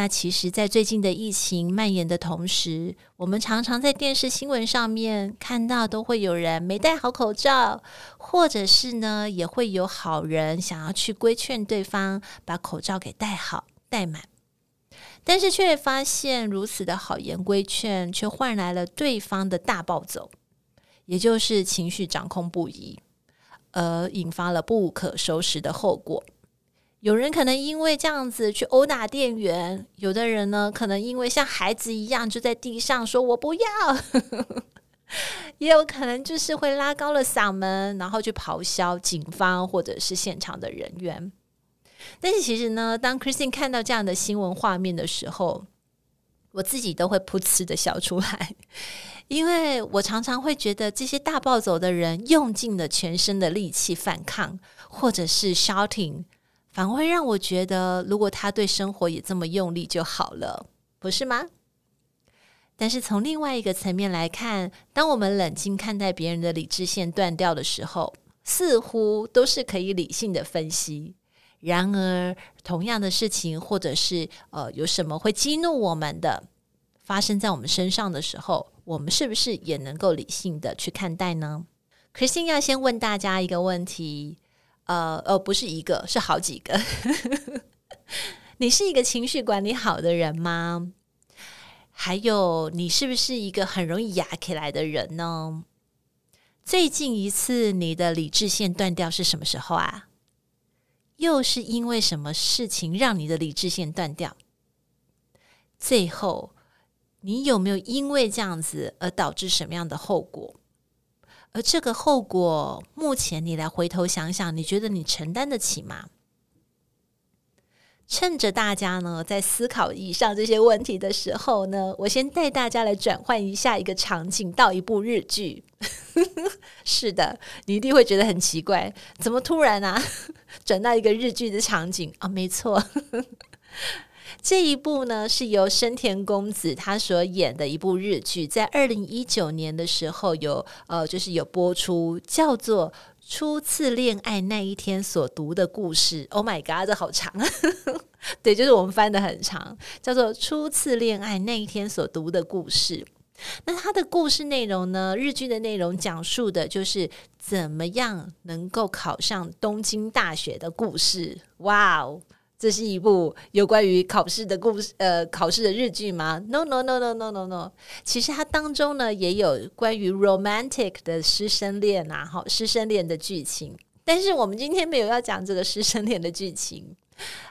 那其實，在最近的疫情蔓延的同時，我們常常在電視新聞上面看到，都會有人沒戴好口罩，或者是呢，也會有好人想要去規勸對方把口罩給戴好、戴滿，但是卻發現如此的好言規勸，卻換來了對方的大暴走，也就是情緒掌控不宜，而引發了不可收拾的後果。有人可能因為這樣子去毆打店員，有的人呢可能因為像孩子一樣就在地上說“我不要”， 也有可能就是會拉高了嗓門，然後去咆哮警方或者是現場的人員。但是其實呢，當 Christine 看到這樣的新聞畫面的時候，我自己都會噗哧的笑出來，因為我常常會覺得這些大暴走的人用盡了全身的力氣反抗，或者是 shouting。反而會讓我覺得，如果他對生活也這麼用力就好了，不是嗎？但是從另外一個層面來看，當我們冷靜看待別人的理智線斷掉的時候，似乎都是可以理性的分析。然而，同樣的事情，或者是呃，有什麼會激怒我們的，發生在我們身上的時候，我們是不是也能夠理性的去看待呢？Christine 要先問大家一個問題。呃呃、uh，哦，不是一個，是好幾個。 你是一個情緒管理好的人嗎？還有，你是不是一個很容易壓起來的人呢？最近一次你的理智線斷掉是什麼時候啊？又是因為什麼事情讓你的理智線斷掉？最後，你有沒有因為這樣子而導致什麼樣的後果？而這個後果，目前你來回頭想想，你覺得你承擔得起嗎？趁着大家呢在思考以上這些問題的時候呢，我先帶大家來轉換一下一個場景，到一部日劇。 是的，你一定會覺得很奇怪，怎麼突然啊轉到一個日劇的場景啊？哦，沒錯。 這一部呢，是由深田恭子他所演的一部日劇，在二零一九年的時候有呃，就是有播出，叫做《初次戀愛那一天所讀的故事》。Oh my god，這好長啊！ 對，就是我們翻得很長，叫做《初次戀愛那一天所讀的故事》。那它的故事內容呢，日劇的內容講述的就是怎麼樣能夠考上東京大學的故事。哇哦這是一部有關於考試的故事，呃，考試的日劇嗎？No，No，No，No，No，No，No。No, no, no, no, no, no, no. 其實它當中呢也有關於 romantic 的師生戀吶、啊，哈，師生戀的劇情。但是我們今天沒有要講這個師生戀的劇情。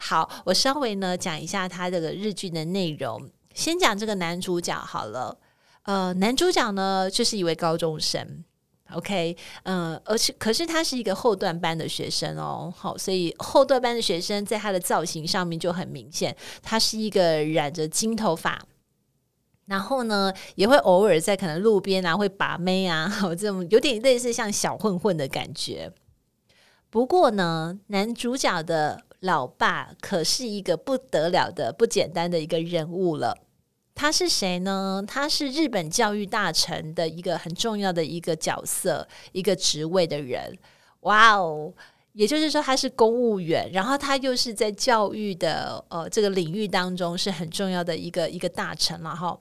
好，我稍微呢講一下它這個日劇的內容。先講這個男主角好了。呃，男主角呢，就是一位高中生。OK，嗯，而且可是他是一個後段班的學生哦，好，所以後段班的學生在他的造型上面就很明顯，他是一個染着金頭髮，然後呢也會偶爾在可能路邊啊會把妹啊，好，這種有點類似像小混混的感覺。不過呢，男主角的老爸可是一個不得了的，不簡單的一個人物了。他是誰呢？他是日本教育大臣的一個很重要的一個角色，一個職位的人。哇哦，也就是說他是公務員，然後他又是在教育的呃這個領域當中是很重要的一個一個大臣了哈。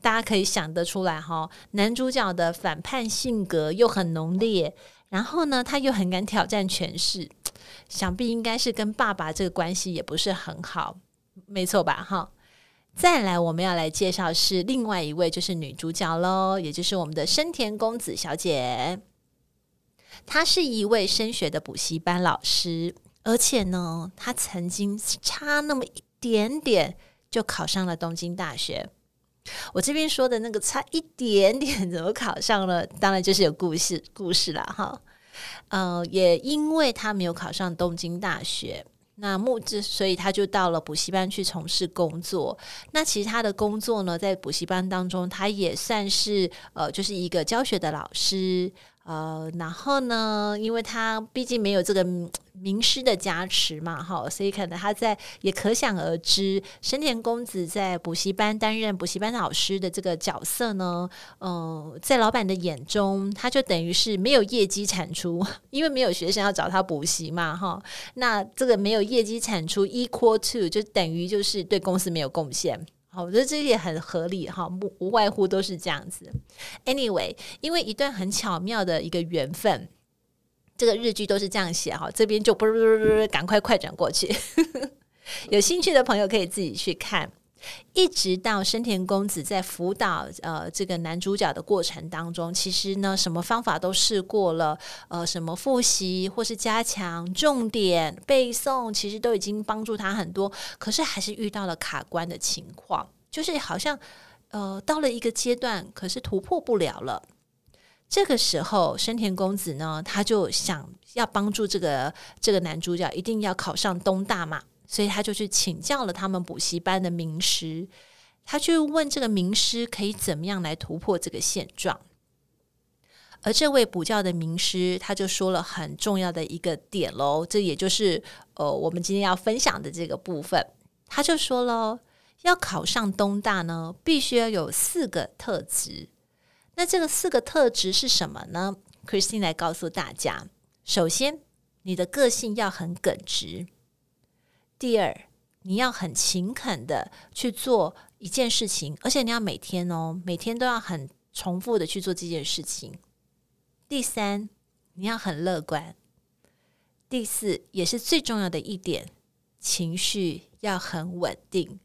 大家可以想得出來哈，男主角的反叛性格又很濃烈，然後呢他又很敢挑戰權勢，想必應該是跟爸爸這個關係也不是很好，沒錯吧？哈。再來，我們要來介紹是另外一位，就是女主角嘍，也就是我們的深田恭子小姐。她是一位升學的補習班老師，而且呢，她曾經差那麼一點點就考上了東京大學。我這邊說的那個差一點點怎麼考上了，當然就是有故事故事了哈。嗯、呃，也因為她沒有考上東京大學。那木之，所以他就到了補習班去從事工作。那其實他的工作呢，在補習班當中，他也算是呃，就是一個教學的老師。呃，uh, 然後呢，因為他畢竟沒有這個名師的加持嘛，哈，所以可能他在也可想而知，深田恭子在補習班擔任補習班老師的這個角色呢，嗯、呃，在老闆的眼中，他就等於是沒有業績產出，因為沒有學生要找他補習嘛，哈，那這個沒有業績產出 equal to 就等於就是對公司沒有貢獻。哦，我覺得這些很合理哈，無無外乎都是這樣子。Anyway，因為一段很巧妙的一個緣分，這個日劇都是這樣寫哈，這邊就不不不不，趕快快轉過去。 有興趣的朋友可以自己去看。一直到深田恭子在輔導呃這個男主角的過程當中，其實呢什麼方法都試過了，呃什麼複習或是加強重點背誦，其實都已經幫助他很多，可是還是遇到了卡關的情況，就是好像呃到了一個階段，可是突破不了了。這個時候，深田恭子呢，他就想要幫助這個這個男主角，一定要考上東大嘛。所以他就去請教了他們補習班的名師。他去問這個名師可以怎麼樣來突破這個現狀。而這位補教的名師他就說了很重要的一個點嘍，這也就是呃、哦、我們今天要分享的這個部分。他就說嘍，要考上東大呢，必須要有四個特質。那這個四個特質是什麼呢？Christine 來告訴大家，首先你的個性要很耿直。第二，你要很勤懇的去做一件事情，而且你要每天哦，每天都要很重複的去做這件事情。第三，你要很樂觀。第四，也是最重要的一點，情緒要很穩定。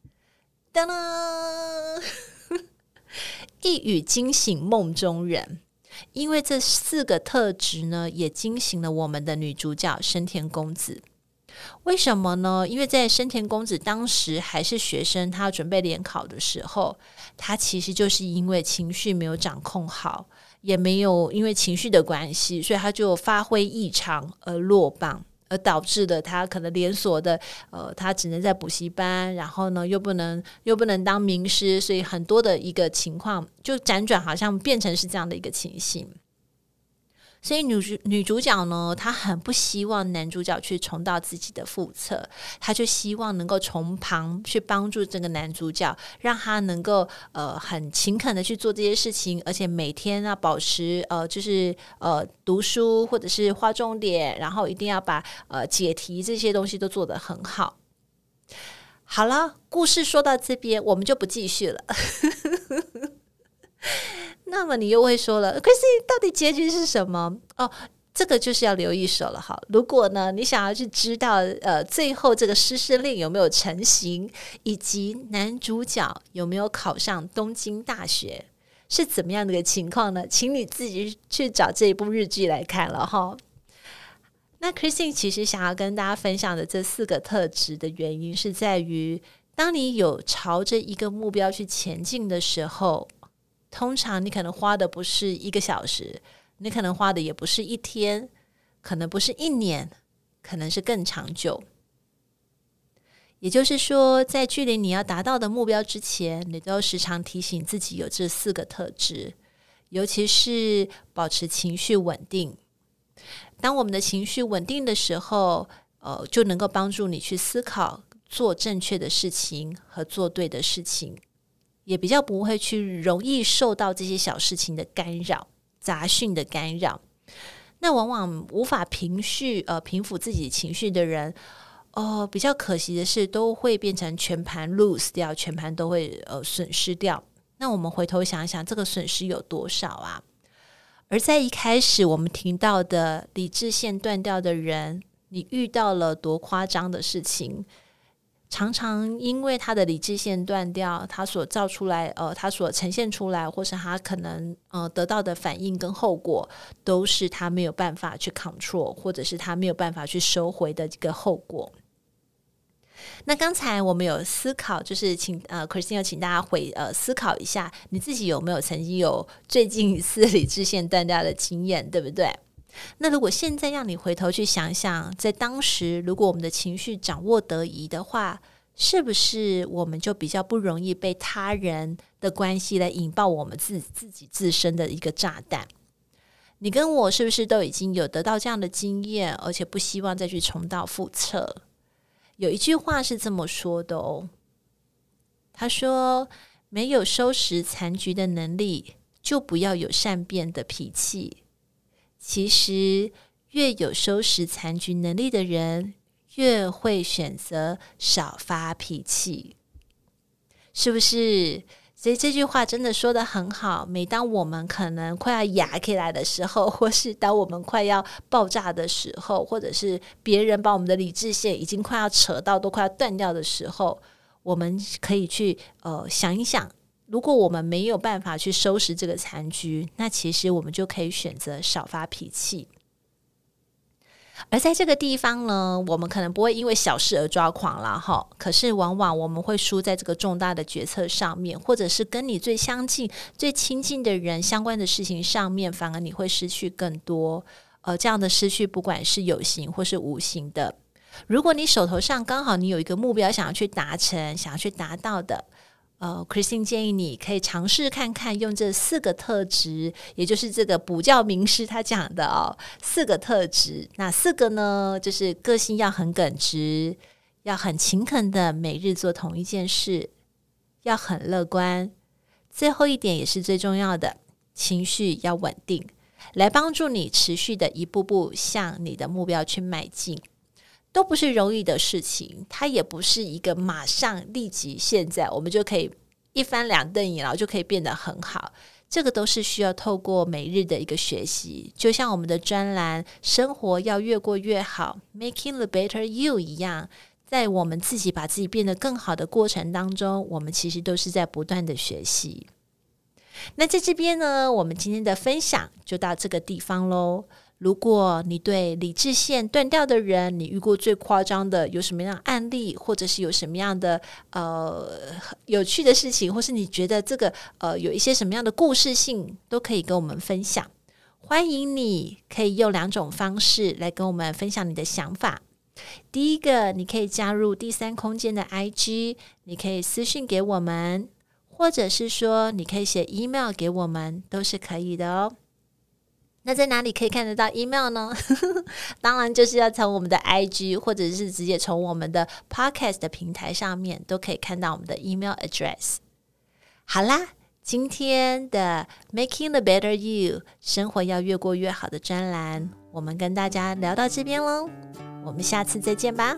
當當， 一語驚醒夢中人，因為這四個特質呢，也驚醒了我們的女主角深田恭子。為什麼呢？因為在深田恭子當時還是學生，他準備聯考的時候，他其實就是因為情緒沒有掌控好，也沒有因為情緒的關係，所以他就發揮異常而落榜，而導致的他可能連鎖的，呃，他只能在補習班，然後呢，又不能又不能當名師，所以很多的一個情況就輾轉，好像變成是這樣的一個情形。所以女女主角呢，她很不希望男主角去重蹈自己的覆轍，她就希望能夠從旁去幫助這個男主角，讓他能夠呃很勤懇的去做這些事情，而且每天要保持呃就是呃讀書或者是畫重點，然後一定要把呃解題這些東西都做得很好。好了，故事說到這邊，我們就不繼續了。 那麼你又會說了，Christine，到底結局是什麼？哦，這個就是要留一手了哈。如果呢，你想要去知道，呃，最後這個實施令有沒有成型，以及男主角有沒有考上東京大學是怎麼樣的一個情況呢？請你自己去找這一部日劇來看了哈。那 Christine 其實想要跟大家分享的這四個特質的原因，是在於當你有朝着一個目標去前進的時候。通常你可能花的不是一個小時，你可能花的也不是一天，可能不是一年，可能是更長久。也就是說，在距離你要達到的目標之前，你都要時常提醒自己有這四個特質，尤其是保持情緒穩定。當我們的情緒穩定的時候，呃，就能夠幫助你去思考做正確的事情和做對的事情。也比較不會去容易受到這些小事情的干擾、雜訊的干擾。那往往無法平緒、呃平撫自己情緒的人，哦、呃，比較可惜的是，都會變成全盤 lose 掉，全盤都會呃損失掉。那我們回頭想一想，這個損失有多少啊？而在一開始我們聽到的理智線斷掉的人，你遇到了多誇張的事情？常常因為他的理智線斷掉，他所造出來呃，他所呈現出來，或是他可能呃得到的反應跟後果，都是他沒有辦法去 control，或者是他沒有辦法去收回的這個後果。那剛才我們有思考，就是請呃 Christine 要請大家回呃思考一下，你自己有沒有曾經有最近一次理智線斷掉的經驗，對不對？那如果現在讓你回頭去想想，在當時，如果我們的情緒掌握得宜的話，是不是我們就比較不容易被他人的關係來引爆我們自己自己自身的一個炸彈？你跟我是不是都已經有得到這樣的經驗，而且不希望再去重蹈覆轍？有一句話是這麼說的哦，他說：“沒有收拾殘局的能力，就不要有善變的脾氣。”其實，越有收拾殘局能力的人，越會選擇少發脾氣，是不是？所以這句話真的說的很好。每當我們可能快要啞起來的時候，或是當我們快要爆炸的時候，或者是別人把我們的理智線已經快要扯到都快要斷掉的時候，我們可以去呃想一想。如果我們沒有辦法去收拾這個殘局，那其實我們就可以選擇少發脾氣。而在這個地方呢，我們可能不會因為小事而抓狂了哈。可是，往往我們會輸在這個重大的決策上面，或者是跟你最相近、最親近的人相關的事情上面，反而你會失去更多。呃，這樣的失去，不管是有形或是無形的。如果你手頭上剛好你有一個目標想要去達成，想要去達到的。呃 Christine 建議你可以嘗試看看用這四個特質，也就是這個補教名師他講的哦，四個特質，那四個呢？就是個性要很耿直，要很勤懇的每日做同一件事，要很樂觀，最後一點也是最重要的，情緒要穩定，來幫助你持續的一步步向你的目標去邁進。都不是容易的事情，它也不是一個馬上立即現在我們就可以一翻兩瞪眼然後就可以變得很好。這個都是需要透過每日的一個學習，就像我們的專欄《生活要越過越好，Making the better you》一樣，在我們自己把自己變得更好的過程當中，我們其實都是在不斷的學習。那在這邊呢，我們今天的分享就到這個地方嘍。如果你對理智線斷掉的人，你遇過最誇張的有什麼樣的案例，或者是有什麼樣的呃，有趣的事情，或是你覺得這個呃，有一些什麼樣的故事性，都可以跟我們分享。歡迎你可以用兩種方式來跟我們分享你的想法。第一個，你可以加入第三空間的 IG，你可以私訊給我們，或者是說你可以寫 email 給我們，都是可以的哦。那在哪裡可以看得到 email 呢？ 當然就是要從我們的 IG、或者是直接從我們的 Podcast 的平台上面都可以看到我們的 email address。好啦，今天的 Making the Better You 生活要越過越好的專欄，我們跟大家聊到這邊嘍，我們下次再見吧。